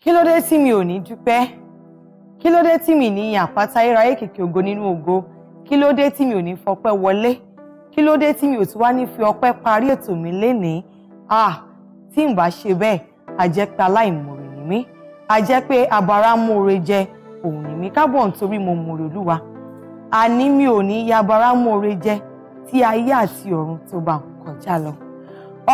kí ló dé tí mi ò ní dúpẹ́ kí ló dé tí mi ní àpáta iráyé kìkì ògo nínú ògo kí ló dé tí mi ò ní fọpẹ́ wọlé kí ló dé tí mi ò tún wá ní fi ọpẹ́ parí ètò mi lénìí ah tí n bá ṣe bẹ́ẹ̀ a jẹ́ pé aláìmoore ni mí a jẹ́ pé abara moore jẹ òun ni mí kábọ̀ nítorí mo moore olúwa àní mi ò ní yabara moore jẹ tí ayé àti ọ̀run tó bá kọjá lọ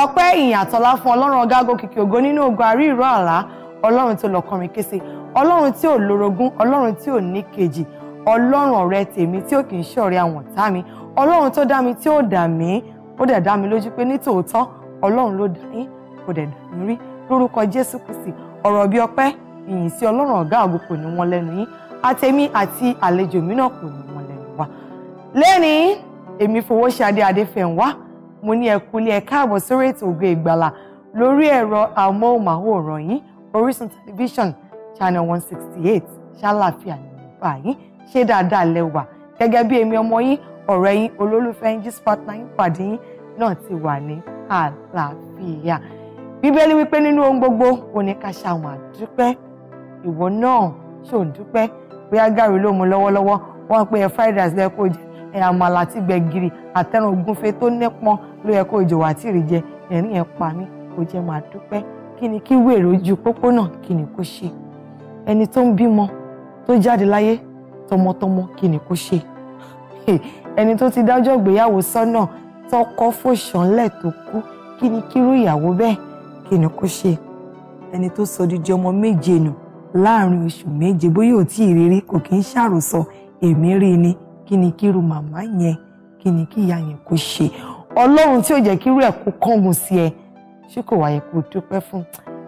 ọpẹ́ ìyìn àtọlá fún Ọlọ́run ọ̀gá kìkì ògo nínú ògo àrí ìró àlá ọlọ́run tó lọ́kọrin kése ọlọ́run tí ò lórogún ọlọ́run tí ò ní kejì ọlọ́run ọ̀rẹ́ tèmi tí ò kì í ṣọ̀rẹ́ àwọn ọ̀tá mi ọlọ́run tó dá mi tí ò dà mí ó dẹ̀ dá mi lójú pé ní tòótọ́ ọlọ́run ló dá yín kò dẹ̀ dà mí rí lórúkọ jésù kristi ọ̀rọ̀ bí ọpẹ́ ìyìn sí ọlọ́run ọ̀gá àgbo kò ní wọn lẹ́nu yín àtẹ̀mí àti àlejò mi náà kò ní wọn lẹ́nu wa lẹ́ni èmi Fowóṣadé Adéfẹ́nwá mo ní ẹ kú ilé káàbọ̀ sórí ètò Ògo Ìgbàlà lórí ẹ̀rọ amóhùnmáwòrán yín Orísun tẹlifíṣàn channel one sixty eight ṣàlàfíà ní ìgbà yín ṣé dáadáa lẹ́wà gẹ́gẹ́ bí èmi ọmọ yín ọ̀rẹ́ yín olólùfẹ́ yín gist partner yín pàdé yín náà ti wà ní àlàáfíà bíbélì wípé nínú ohun gbogbo ó ní ká ṣàwọn àdúpẹ́ ìwọ náà ṣò ń dúpẹ́ bóyá gàrí ló mú lọ́wọ́lọ́wọ́ wọ́n pe ẹ̀ fried rice kó jẹ ẹ̀ àmàlà àti gbẹ̀gìrì àtẹ̀rùn ògúnfe tó nípọn ló yẹ kó jẹ wà tí jẹ ẹ̀rín yẹn pa mí kó jẹ́ máa dúpẹ́ kí ni kí wèrè ojú pópónà kí ni kó ṣe ẹni tó ń bímọ tó jáde láyé tọmọtọmọ kí ni kó ṣe ẹni tó ti dájọ́ ìgbéyàwó sọ́nà tọkọ fòṣánlẹ̀ tó kú kí ni kírú ìyàwó bẹ́ẹ̀ kí ni kó ṣe ẹni tó sọ dídí ọmọ méje nù láàrin oṣù méje bóyá ò tí kò kí ń ṣàròsọ èmi rí ni kí ni kírú màmá yẹn kí ni kí ìyá yẹn kó ṣe ọlọ́run tí ò jẹ́ kírú ẹ̀ kó kángun sí ẹ ṣé kò wáyé kó dúpẹ́ fún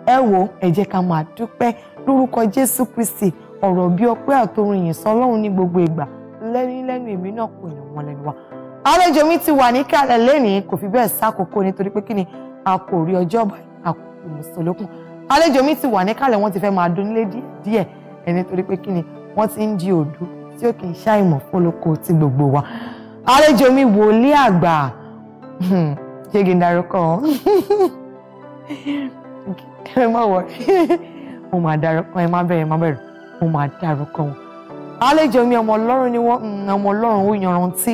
ẹ wo ẹ jẹ́ ká máa dúpẹ́ lórúkọ jésù kristi ọ̀rọ̀ bí ọpẹ́ àtòrin yìí sọ ọlọ́run ní gbogbo ìgbà lẹ́ni lẹ́nu èmi náà kò yàn wọ́n lẹ́nu wa. àlejò mi ti wà ní kálẹ̀ lẹ́nìí kò fi bẹ́ẹ̀ sákòókò nítorí pé kí ni a kò rí ọjọ́ báyìí a kò rí mùsùlùkùn. àlejò mi ti wà ní kálẹ̀ wọ́n ti fẹ́ máa dónílé díẹ̀ ẹni torí pé kí ni wọ́n ti ń di òdu tí ó kì í ṣàìmọ̀ fólókó ti gbogbo wa. àlejò mi wòlíì àgbà hmm, ṣé kí ẹ má wọ mo máa dárúkọ ẹ má bẹ̀rẹ̀ má bẹ̀rẹ̀ mo máa dárúkọ wọn. àlejò mi ọmọ ọlọ́run ni wọ́n mm, ọmọ ọlọ́run ó yanrantí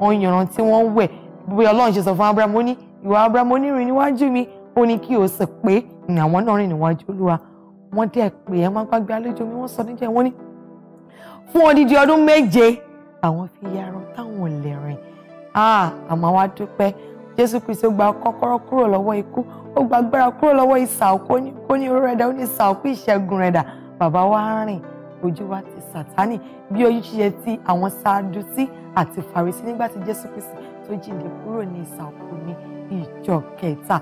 wọ́n yanrantí wọ́n wẹ̀ bí ọlọ́run ṣe sọ fún abrahamu ó ní ìwà abrahamu onírìn níwájú mi ó ní kí o sì pé àwọn náà rìn níwájú olúwa wọ́n dẹ̀ pé ẹ má gbàgbé àlejò mi wọ́n sọ níjẹ́ wọ́n ní fún odidi ọdún méje àwọn fi yarun táwọn ò lè rìn àmọ́ ah, wá dúpẹ́ jésù kristi ó gba kọ́kọ́rọ́ kúrò lọ́wọ́ ikú ó gba agbára kúrò lọ́wọ́ ìsà kó ní oró rẹ̀ dà ó ní ìsà òkú ìṣẹ́gun rẹ̀ dà bàbá wa rìn ojú wa ti sàtánì bí ojú ṣiṣẹ́ ti àwọn sáadùsí àti fàrísí nígbà tí jésù kristi tó jíǹde kúrò ní ìsà òkú ní ìjọ kẹta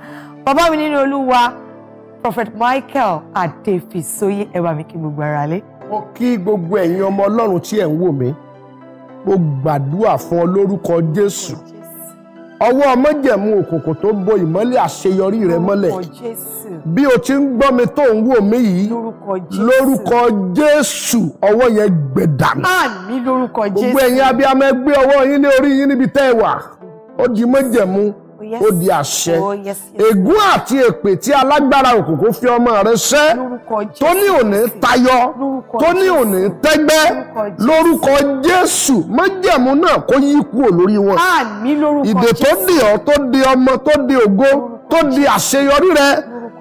bàbá mi nínú olúwa prophet michael adéfisóyè ẹ bá mi kí gbogbo ara lé. mo kí gbogbo ẹ̀yin ọmọ ọlọ́run tí ẹ̀ ń wò mí mo gbàdúrà fún ọ lórúkọ jésù ọwọ́ mọ́jẹ̀mú òkùnkùn tó bo ìmọ́lẹ̀ àṣeyọrí rẹ mọ́lẹ̀ bí o ti ń gbọ́ mi tó ń wò mí yìí lórúkọ jésù ọwọ́ yẹn gbẹ dànù gbogbo ẹ̀yin abiyamọ ẹ ọwọ́ yín lé orí yín níbi tẹ́ ẹ wà ó di mọ́jẹ̀mú ó di àṣẹ oh, ègún àti èpè tí alágbára òkùnkùn fi ọmọ rẹ ṣẹ́ tó ní òní tayọ tó ní òní tẹ́gbẹ́ lórúkọ Jésù májẹ̀mú náà kó yí kúrò lórí wọn ìdè tó dè ọ́ tó dè ọmọ tó dè ògo tó dè àṣeyọrí rẹ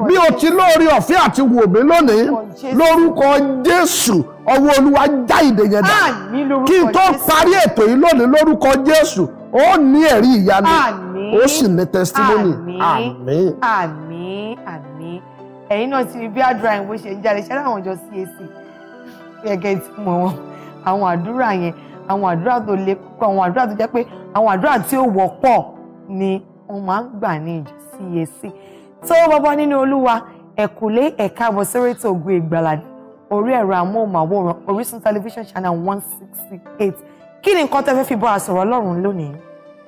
bí o ti lóore ọ̀fẹ́ àti wòmí lónìí lórúkọ Jésù ọwọ́ Olúwa já ìdè yẹn dà kí n tó parí ètò yìí lónìí lórúkọ Jésù ó ní ẹ̀rí ìyanu ó sì ní testimony àmín àmín àmín ẹ̀yin náà ti rí bí àdúrà yẹn bó ṣe ń jáde ṣẹlẹ̀ àwọn ìjọ CAC gẹ́gẹ́ tí mo wọn àwọn àdúrà yẹn àwọn àdúrà tó le kókó àwọn àdúrà tó jẹ́ pé àwọn àdúrà tí ó wọ́pọ̀ ni wọ́n máa ń gbà ní ìjọ CAC tó bọbọ nínú olúwa ẹkùlé ẹka bọ sórí ètò Ògo Ìgbàlà orí ẹ̀rọ amóhùnmáwòrán Orísun tẹlifíṣàn channel one sixty eight kí ni nǹkan tẹ́ fẹ́ fi bọ́ àsọ̀rọ̀ Ọlọ́run lónìí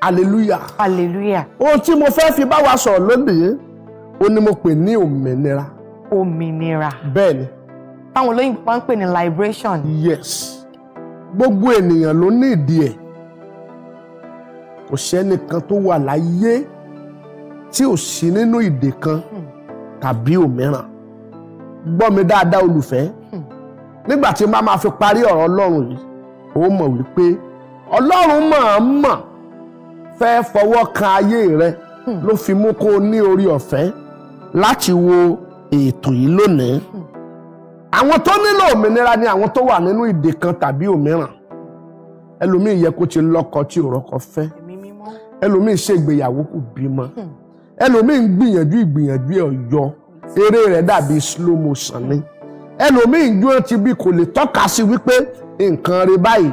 hallelujah. hallelujah. ohun tí mo fẹ́ fi bá wa sọ̀rọ̀ lónìí ó ní mo pè ní òmìnira. òmìnira. bẹ́ẹ̀ni. táwọn olóyìnbó máa ń pè ní liberation. yes gbogbo ènìyàn ló ní ìdí ẹ̀ kò sẹ́nìkan tó wà láyé tí ò sí nínú ìdè kan hmm. tàbí òmíràn gbọ́ mi dáadáa olùfẹ́ hmm. nígbà tí n bá máa fi parí ọ̀rọ̀ ọlọ́run yìí ó mọ̀ wípé ọlọ́run máa ń mọ̀ fẹ́ fọwọ́ kan ayé rẹ ló fi mú kó o ní orí ọ̀fẹ́ láti wo ètò yìí lónìí àwọn tó nílò òmìnira ni àwọn tó wà nínú ìdè kan tàbí òmíràn ẹlòmíì yẹ kó ti lọ́kọ tí ò rọ́kọ fẹ́ ẹlòmíì ṣègbéyàwó kò bímọ hmm. ẹlòmíì ń gbìyànjú ìgbìyànjú ẹ̀ ọ̀yọ́ eré rẹ̀ dàbí slow motion ni ẹlòmíì ń dúró ti bí kò lè tọ́ka sí wípé nǹkan rẹ̀ báyìí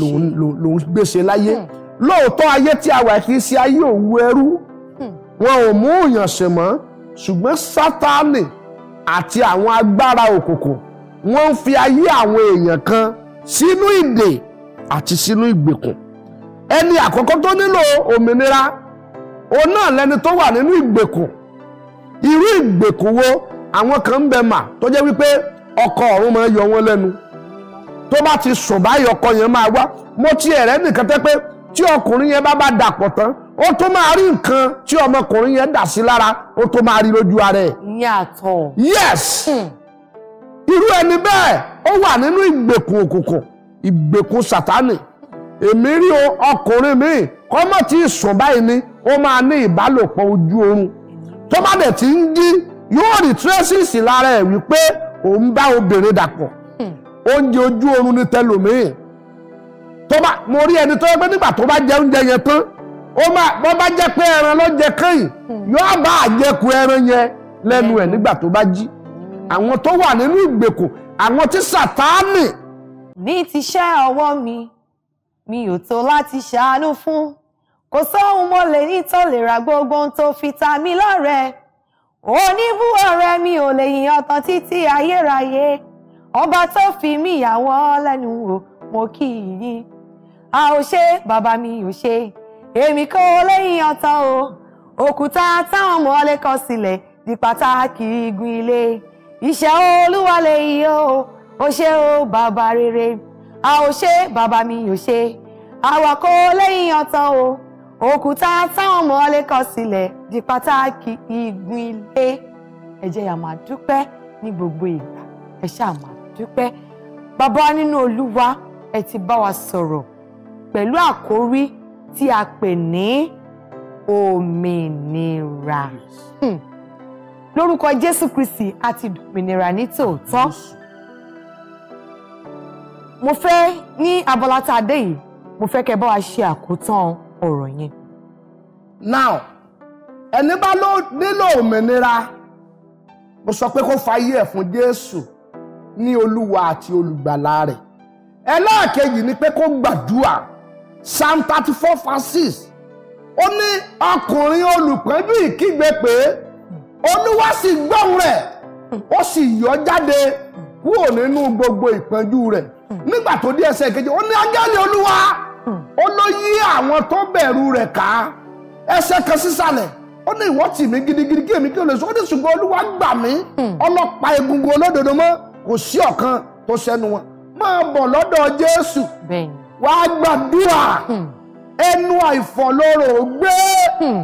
lòun gbèsè láyé. Hmm lóòótọ́ ayé tí a wà kì í ṣe ayé òwú ẹrú hmm. wọn ò mú ìyànṣe mọ́ ṣùgbọ́n sátánì àti àwọn agbára òkùnkùn wọ́n ń fi ayé àwọn èèyàn kan sínú ìdè àti sínú ìgbèkùn ẹni àkọ́kọ́ tó nílò òmìnira òun náà lẹni tó wà nínú ìgbèkùn irú ìgbèkùn wo àwọn kan ń bẹ mà tó jẹ́ wípé ọkọ ọ̀run máa yọ wọ́n lẹ́nu tó bá ti sùn báyìí ọkọ yẹn máa wá mo ti ẹ̀rẹ́ nìkan tẹ́ pé tí ọkùnrin yẹn bá bá dàpọ̀ tán ó tó máa rí nǹkan tí ọmọkùnrin yẹn dà sí lára ó tó máa rí lójú ara ẹ̀. yàtọ̀. yes hmm. irú ẹni bẹ́ẹ̀ ó wà nínú ìgbèkùn òkùnkùn ìgbèkùn sátánì èmi rí ọkùnrin míì kọ́mọ̀ tí sùn báyìí ni ó máa ní ìbálòpọ̀ ojú oorun tó bá dẹ̀ ti ń jí yóò rí tírẹ́sìsì lára ẹ̀ wípé òun bá obìnrin dàpọ̀ hmm. oúnjẹ ojú oorun ni tẹlòmíì tó bá mo rí ẹni tó yẹ pé nígbà tó bá jẹ oúnjẹ yẹn tán ó máa bọ́ bá jẹ́ pé ẹran ló jẹ kẹ́yìn yóò bá àjẹkù ẹran yẹn lẹ́nu ẹ̀ nígbà tó bá jí àwọn tó wà nínú ìgbèkùn àwọn tí sàtáànì. ní ti iṣẹ́ ọwọ́ mi mi ò tó láti ṣàánú fún kò sóhun mo lè ní tó lè ra gbogbo ohun tó fi ta mí lọ́rẹ̀ẹ́ oníbú ọ̀rẹ́ mi ò lè yìn ọ̀tàn títí ayérayé ọba tó fi mí ìyàwó lẹ́nu wò mo kì í yín a ò ṣe bàbá mi ò ṣe èmi kọ́ lẹ́yìn ọ̀tọ̀ o òkúta táwọn ọmọ ọlẹ́ kọ sílẹ̀ di pàtàkì igun ilé iṣẹ́ olúwa lè o ò ṣe o bàbá rere a ò ṣe bàbá mi ò ṣe àwa kọ́ lẹ́yìn ọ̀tọ̀ o òkúta táwọn ọmọ ọlẹ́ kọ sílẹ̀ di pàtàkì igun ilé ẹ jẹ́ yá máa dúpẹ́ ní gbogbo ìgbà ẹ ṣáà máa dúpẹ́ bàbá nínú olúwa ẹ ti bá wa sọ̀rọ̀ pẹ̀lú àkórí tí a pè ní òmìnira. Hmm. Lórúkọ Jésù Kristi a ti dòmìnira ní tòótọ́. Mo fẹ́ ní abala tá a dé yìí, mo fẹ́ kẹ́ bá wa ṣe àkótán ọ̀rọ̀ yẹn. Now, ẹni bá ló nílò òmìnira, mo sọ pé kó fàyè ẹ̀ fún Jésù ní Olúwa àti Olùgbàlà rẹ̀. Ẹlẹ́ẹ̀kejì ni pé kó gbàdúrà psalm thirty four verse six ó ní ọkùnrin olùpẹ́jù ìkígbe pé olúwa sì gbọ́hùn rẹ̀ ó sì yọ jáde kúrò nínú gbogbo ìpọ́njú rẹ̀ nígbà tó dé ẹsẹ̀ kejì ó ní áńgẹ́lì olúwa ó ló yí àwọn tó bẹ̀rù rẹ̀ ká ẹsẹ̀ kan sísàlẹ̀ ó ní ìwọ tì mí gidigidi kí èmi kí o lè sọ ó ní ṣùgbọ́n olúwa gbà mí ọlọ́pàá egungun olódodo mọ́ kò sí ọ̀kan tó sẹ́nu wọn máa bọ̀ lọ́dọ̀ jésù. bẹ́ẹ̀ni wà á gbàdúrà hmm. ẹnu àìfọ̀ gbé hmm.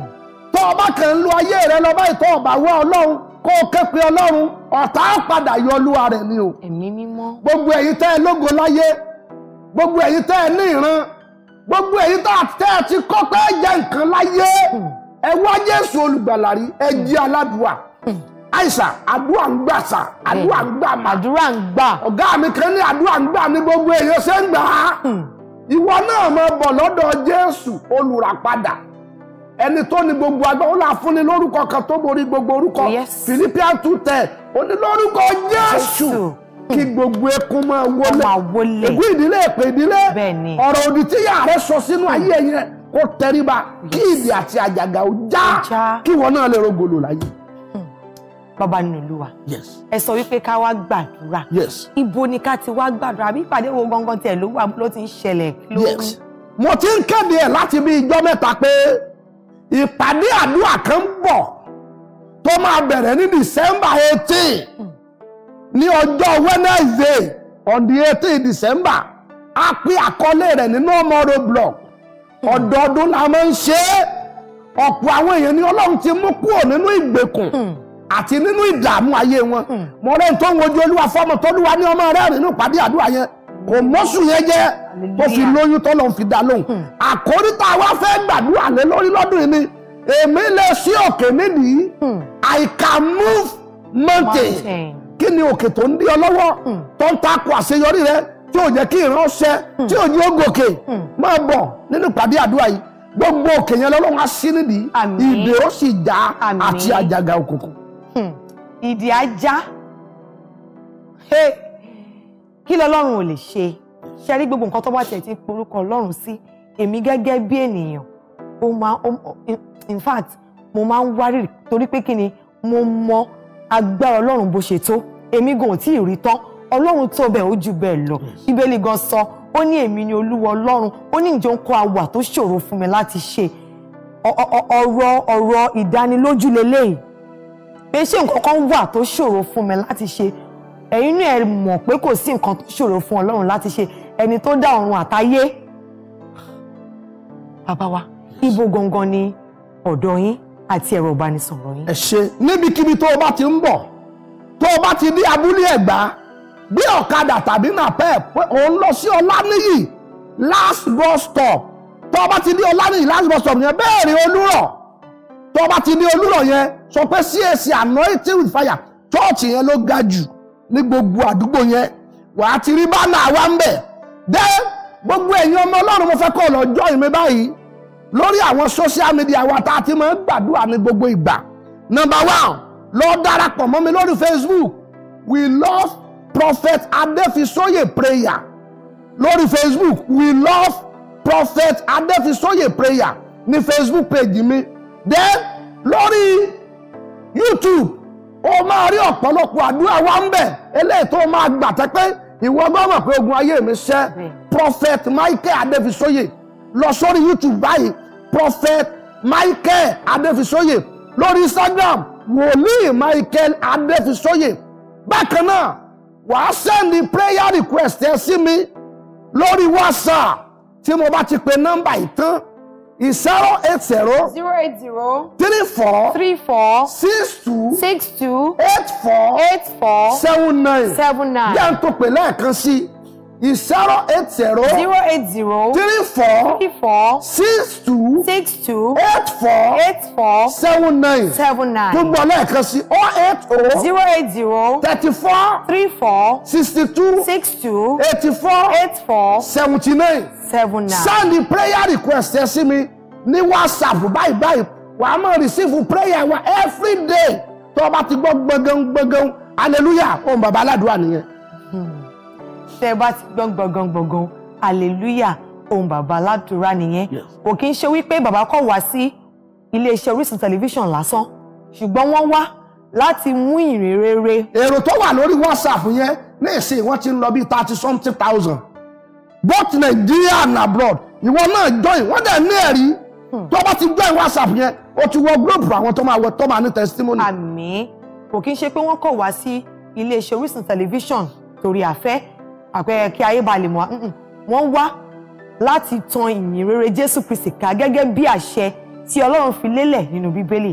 tó o bá kàn ń lo ayé rẹ lọ báyìí tó o bá wá ọlọ́run kó o ké pe ọlọ́run ọ̀tá padà yọ olúwa rẹ̀ ni o. ẹ̀mí mímọ́. gbogbo ẹ̀yin tẹ́ ẹ lógo láyé gbogbo ẹ̀yin tẹ́ ẹ ní ìran gbogbo ẹ̀yin tẹ́ ẹ ti kọ́ pé ẹ jẹ nǹkan láyé hmm. ẹ wá Jésù olùgbàlà ẹ jí aládùúà àìsà àdúrà ń gbà sà àdúrà ń gbà mà. àdúrà ń gbà. ọ̀gá mi kan ní àdúrà ń gbà ní gbogbo èèyàn ṣe ń gbà á ìwọ náà máa bọ̀ lọ́dọ̀ jésù olùràpadà ẹni tó ní gbogbo agbára ó là fúnni lórúkọ kan tó borí gbogbo orúkọ philippians two ten ó ní lórúkọ jésù kí gbogbo ẹkún máa wọlé ègún ìdílé èpè ìdílé ọ̀rọ̀ òdì tí yàrá rẹ sọ sínú ayé yẹn kó tẹríba kí ìdí àti àjàgà ó já kí ìwọ náà lè rògbòlò láyé bàbá nínú yes. ẹ sọ wípé ká wá gbàdúrà. yes. ibo ni ká ti wá gbàdúrà àbí ìpàdé wo gangan tiẹ̀ ló wà ló ti ń ṣẹlẹ̀ yes. mo ti ń kéde ẹ̀ láti bí ijọ́ mẹ́ta pé ìpàdé àdúrà kan ń bọ̀ tó máa bẹ̀rẹ̀ ní december eighteen hmm. ní ọjọ́ wednesday on the eighteen december a pín àkọlé rẹ̀ nínú ọmọ roblox hmm. ọ̀dọọdún la máa ń ṣe é ọ̀pọ̀ àwọn èèyàn ni ọlọ́run ti mú kúrò nínú ìgbèkùn. Mm àti nínú ìdààmú ayé wọn hmm. mo tó ń wojú olúwa fọ́mọ tọ́lúwa ní ọmọ rẹ̀ nínú ìpàdé àdúrà yẹn kò mọ́sù yẹn jẹ́ tó fi lóyún tó lọ́n fi dá lóhùn hmm. àkórí tá a wá fẹ́ gbàdúrà lé lórí lọ́dún yìí ni èmi lè sí òkè nídìí hmm. I can move mountain kí ni òkè tó ń dí ọ lọ́wọ́ tó ń takò àṣeyọrí rẹ tí ò jẹ́ kí ìran ṣẹ tí ò jẹ́ ó máa bọ̀ nínú ìpàdé àdúrà yìí gbogbo òkè yẹn lọ́lọ́run á sí nídìí ìdè ó sì já àti àjàgà òkùnkùn ìdí ajá kí lọ́lọ́run ò lè ṣe ṣe rí gbogbo nǹkan tó bá tiẹ̀ ti ń porúkọ ọlọ́run sí èmi gẹ́gẹ́ bí ènìyàn ó máa in fact mo máa ń wárìrì torí pé kí ni mo mọ agbára ọlọ́run bó ṣe tó èmi gan ò tí ì rí tán ọlọ́run tó bẹ́ẹ̀ ó jù bẹ́ẹ̀ lọ bíbélì gan sọ ó ní èmi ni olúwa ọlọ́run ó ní ìjọ ń kọ́ àwà tó ṣòro fún mi láti ṣe ọ̀rọ̀ ọ̀rọ̀ ìdánilójú lélẹ́yìí pé ṣé nǹkan kan wà tó ṣòro fún mi láti ṣe ẹ̀yin náà ẹ mọ̀ pé kò sí nǹkan tó ṣòro fún Ọlọ́run láti ṣe ẹni tó dá ọ̀run àtayé bàbá wa ibo gangan ni ọ̀dọ̀ yín àti ẹ̀rọ ìbánisọ̀rọ̀ yín. ẹ ṣe níbikíbi tó o bá ti ń bọ̀ tó o bá ti dé abúlé ẹ̀gbá bí ọ̀kadà tàbí napep òun lọ sí ọlánìyí last bus stop tó o bá ti dé ọlánìyí last bus stop yẹn bẹ́ẹ̀ ni olúrọ̀ tó o bá ti dé olúrọ̀ yẹn sọ pé CAC anointing with fire chọ́ọ̀chì yẹn ló ga jù ní gbogbo àdúgbò yẹn wà á ti rí bánà wa ń bẹ̀ dẹ́ gbogbo ẹ̀yin ọmọ ọlọ́run mo fẹ́ kọ́ lọ́jọ́ ìmí báyìí lórí àwọn social media wa tá a ti máa ń gbàdúrà ní gbogbo ìgbà number one lọ darapọ̀ mọ́ mi lórí Facebook we love prophet adefisoye prayer lórí Facebook we love prophet adefisoye prayer ní Facebook page mi then lórí. YouTube ó máa rí ọ̀pọ̀lọpọ̀ àdúrà wa ń bẹ̀ eléyìí tó máa gbà tẹ́ ìwọ gbọ́n mọ̀ pé ogun ayé mi ṣẹ́ Prophet Michael Adefisoye lọ sórí YouTube báyìí Prophet Michael Adefisoye lórí Instagram wòlíì Michael Adefisoye bákan náà wàá sẹ́ndì prayer request ẹ sí mi lórí WhatsApp tí mo bá ti pe nọ́mbà yìí tán is zero eight zero. zero eight zero. three four. three four. six two. six two. eight four. eight four. seven nine. seven nine. yàtò pẹ̀lú ẹ̀kan sí i is zero eight zero. zero eight zero. three four. three four. six two. six two. eight four. eight four. seven nine. seven nine. gbogbo ọlẹ́ẹ̀kan sí oh eight oh. zero eight zero. thirty four. three four. sixty two. six two. eighty four. eight four. seventy nine. seven nine. send the prayer request ẹ sí mi ní whatsapp bye. báyìí wà á máa receive prayer wa every day tó o bá ti gbọ́ gbọ́ngàn gbọ́ngàn hallelujah ohun bàbá aládùúrà nìyẹn. Hmm tẹ́ ẹ bá ti gbọ́n gbọ̀ngàn gbọ̀ngàn hallelujah ohun bàbá aládùúrà nìyẹn kò kí ń ṣe wípé bàbá kọ̀ wá sí iléeṣẹ́ Orísun tẹlifíṣàn lásán ṣùgbọ́n wọ́n wá láti mú ìrìn rere. èrò tó wà lórí WhatsApp yẹn ní ìsìn wọ́n ti ń lọ bíi thirty something thousand both Nigeria and abroad ìwọ náà join wọ́n dẹ̀ ní ẹ̀rí hmm. tó bá ti join WhatsApp yẹn o ti wọ group àwọn tó máa wọ tó máa ní testimony. àmín kò kí ń ṣe pé wọ́n kọ̀ wá sí iléeṣẹ́ Orísun tẹlifíṣàn torí àfẹ́ àpẹẹrẹ kí ayé ba lè mọ̀ wọ́n wá láti tan ìyìn rere Jésù Kristi ká gẹ́gẹ́ bí àṣẹ tí Ọlọ́run fi lélẹ̀ nínú Bíbélì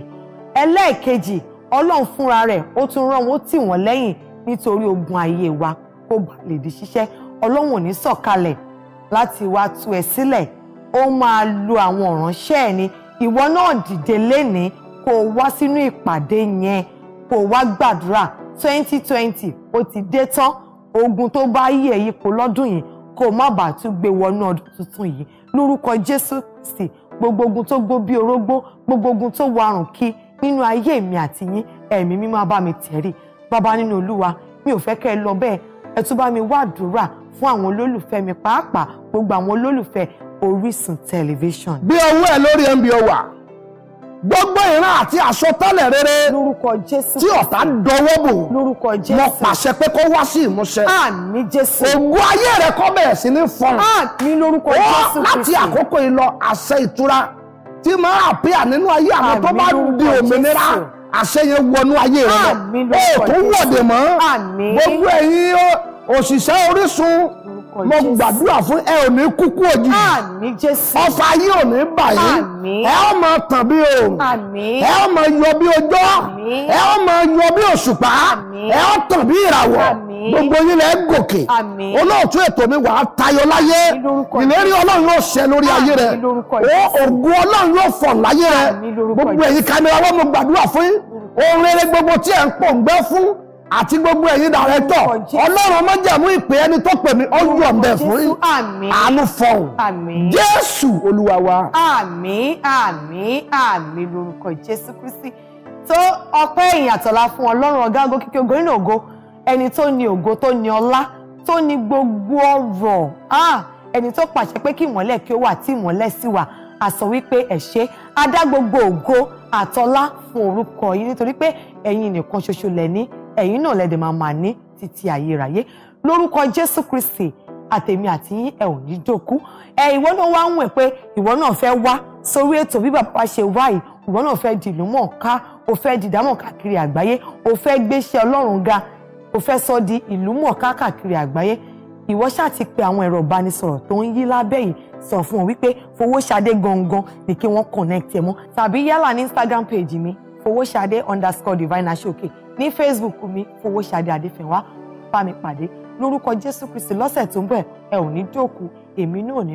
ẹlẹ́ẹ̀kejì Ọlọ́run fúnra rẹ̀ ó tún rán wọn tì wọ́n lẹ́yìn nítorí ogun ayé wa kó ba lè di ṣíṣẹ́ Ọlọ́run ò ní sọ̀kalẹ̀ láti wá tú ẹ sílẹ̀ ó máa lo àwọn ìránṣẹ́ ẹ̀ ni ìwọ náà dìde lénìí kó o wá sínú ìpàdé yẹn kó o wá gbàdúrà twenty twenty ó ti dé tán ogun tó bá yí èyí kò lọ́dún yìí kó má bàa tún gbé wọnú ọdún tuntun yìí lórúkọ Jésù Kristi gbogbo ogun tó gbó bí orógbó gbogbo ogun tó warùn kí nínú ayé mi àti yín ẹ̀mí mi máa bá mi tẹ̀rí bàbá nínú Olúwa mi ò fẹ́ kẹ́ ẹ lọ bẹ́ẹ̀ ẹ tún bá mi wá àdúrà fún àwọn olólùfẹ́ mi pàápàá gbogbo àwọn olólùfẹ́ Orísun tẹlifíṣàn. gbé ọwọ́ ẹ lórí mbo wà gbogbo ìran àti àsọtẹ́lẹ̀ rere lórúkọ jésù tí ọ̀tá dọwọ́ bò lórúkọ jésù mo pàṣẹ pé kó wá sí ìmúṣẹ àmín jésù ògo ayé rẹ kó bẹ̀rẹ̀ sí ní fọ́n àmín lórúkọ jésù kristi láti àkókò yìí lọ àṣẹ ìtura tí máa àpíà nínú ayé àwọn tó bá di òmìnira àṣẹ yẹn wọnú ayé rẹ lọ ó tún wọ̀dẹ̀ mọ́ gbogbo ẹ̀yin òṣìṣẹ́ Orísun mo gbàdúrà fún ẹ ò ní kúkú òjijì ọfà yìí ò ní bà yín ẹ ó máa tàn bí oòrùn ẹ ó máa yọ bí ọjọ́ ẹ ó máa yọ bí òṣùpá ẹ ó tàn bí ìràwọ̀ gbogbo yín lẹ gòkè olóòtú ètò mi wà á tayọ láyé ìlérí ọlọ́run yóò ṣẹ lórí ayé rẹ ògùn ọlọ́run yóò fọ̀ láyé rẹ gbogbo ẹ̀yin kámẹ́rà wọn mo gbàdúrà fún ohun rere gbogbo tí ẹ̀ ń pòǹgbẹ́ fún àti gbogbo ẹ̀yin dàrẹ́tọ̀ ọlọ́run májẹ̀mú ìpè ẹni tó pè mí ọjọ́ ọ̀bẹ fún yín àánú fọhùn jésù olúwa wa. àmín àmín àmín lórúkọ jésù kristi tó ọpẹ́ ìyìn àtọlá fún ọlọ́run ọ̀gá ògo kíkẹ́ ògo nínú ògo ẹni tó ní ògo tó ní ọlá tó ní gbogbo ọrọ̀ ẹni tó pàṣẹ pé kí ìmọ́lẹ̀ kí ó wà tí ìmọ́lẹ̀ sì wà a sọ wípé ẹ ṣé a dá gbogbo ògo àtọlá fún orúkọ yín nítorí pé ẹ̀yin nìkan ṣoṣo lẹ ní ẹ̀yin náà lẹ́dẹ̀ máa máa ní títí ayérayé lórúkọ Jésù Kristi àtèmi àti yín ẹ ò ní jókú ẹ ìwọ náà wá ń wẹ̀ pé ìwọ náà fẹ́ wá sórí ètò bí bàbá ṣe wá yìí ìwọ náà fẹ́ di ìlú mọ̀ọ́ká o fẹ́ di ìdámọ̀ káàkiri àgbáyé o fẹ́ gbéṣẹ́ Ọlọ́run ga o fẹ́ sọ di ìlú mọ̀ọ́ká káàkiri àgbáyé ìwọ ṣáà ti pe àwọn ẹ̀rọ ìbánisọ̀rọ̀ tó ń yí lábẹ́ yìí sọ fún ọ wípé Fowóṣadé gangan ni kí wọ́n connect ẹ mọ́ tàbí yálà ní Instagram page mi Fowóṣadé underscore Divinashoke ní Facebook mi Fowóṣadé Adéfẹnwá bá mi pàdé lórúkọ Jésù Kristi lọ́sẹ̀ tó ń bọ̀ ẹ ò ní dòkú èmi náà ní.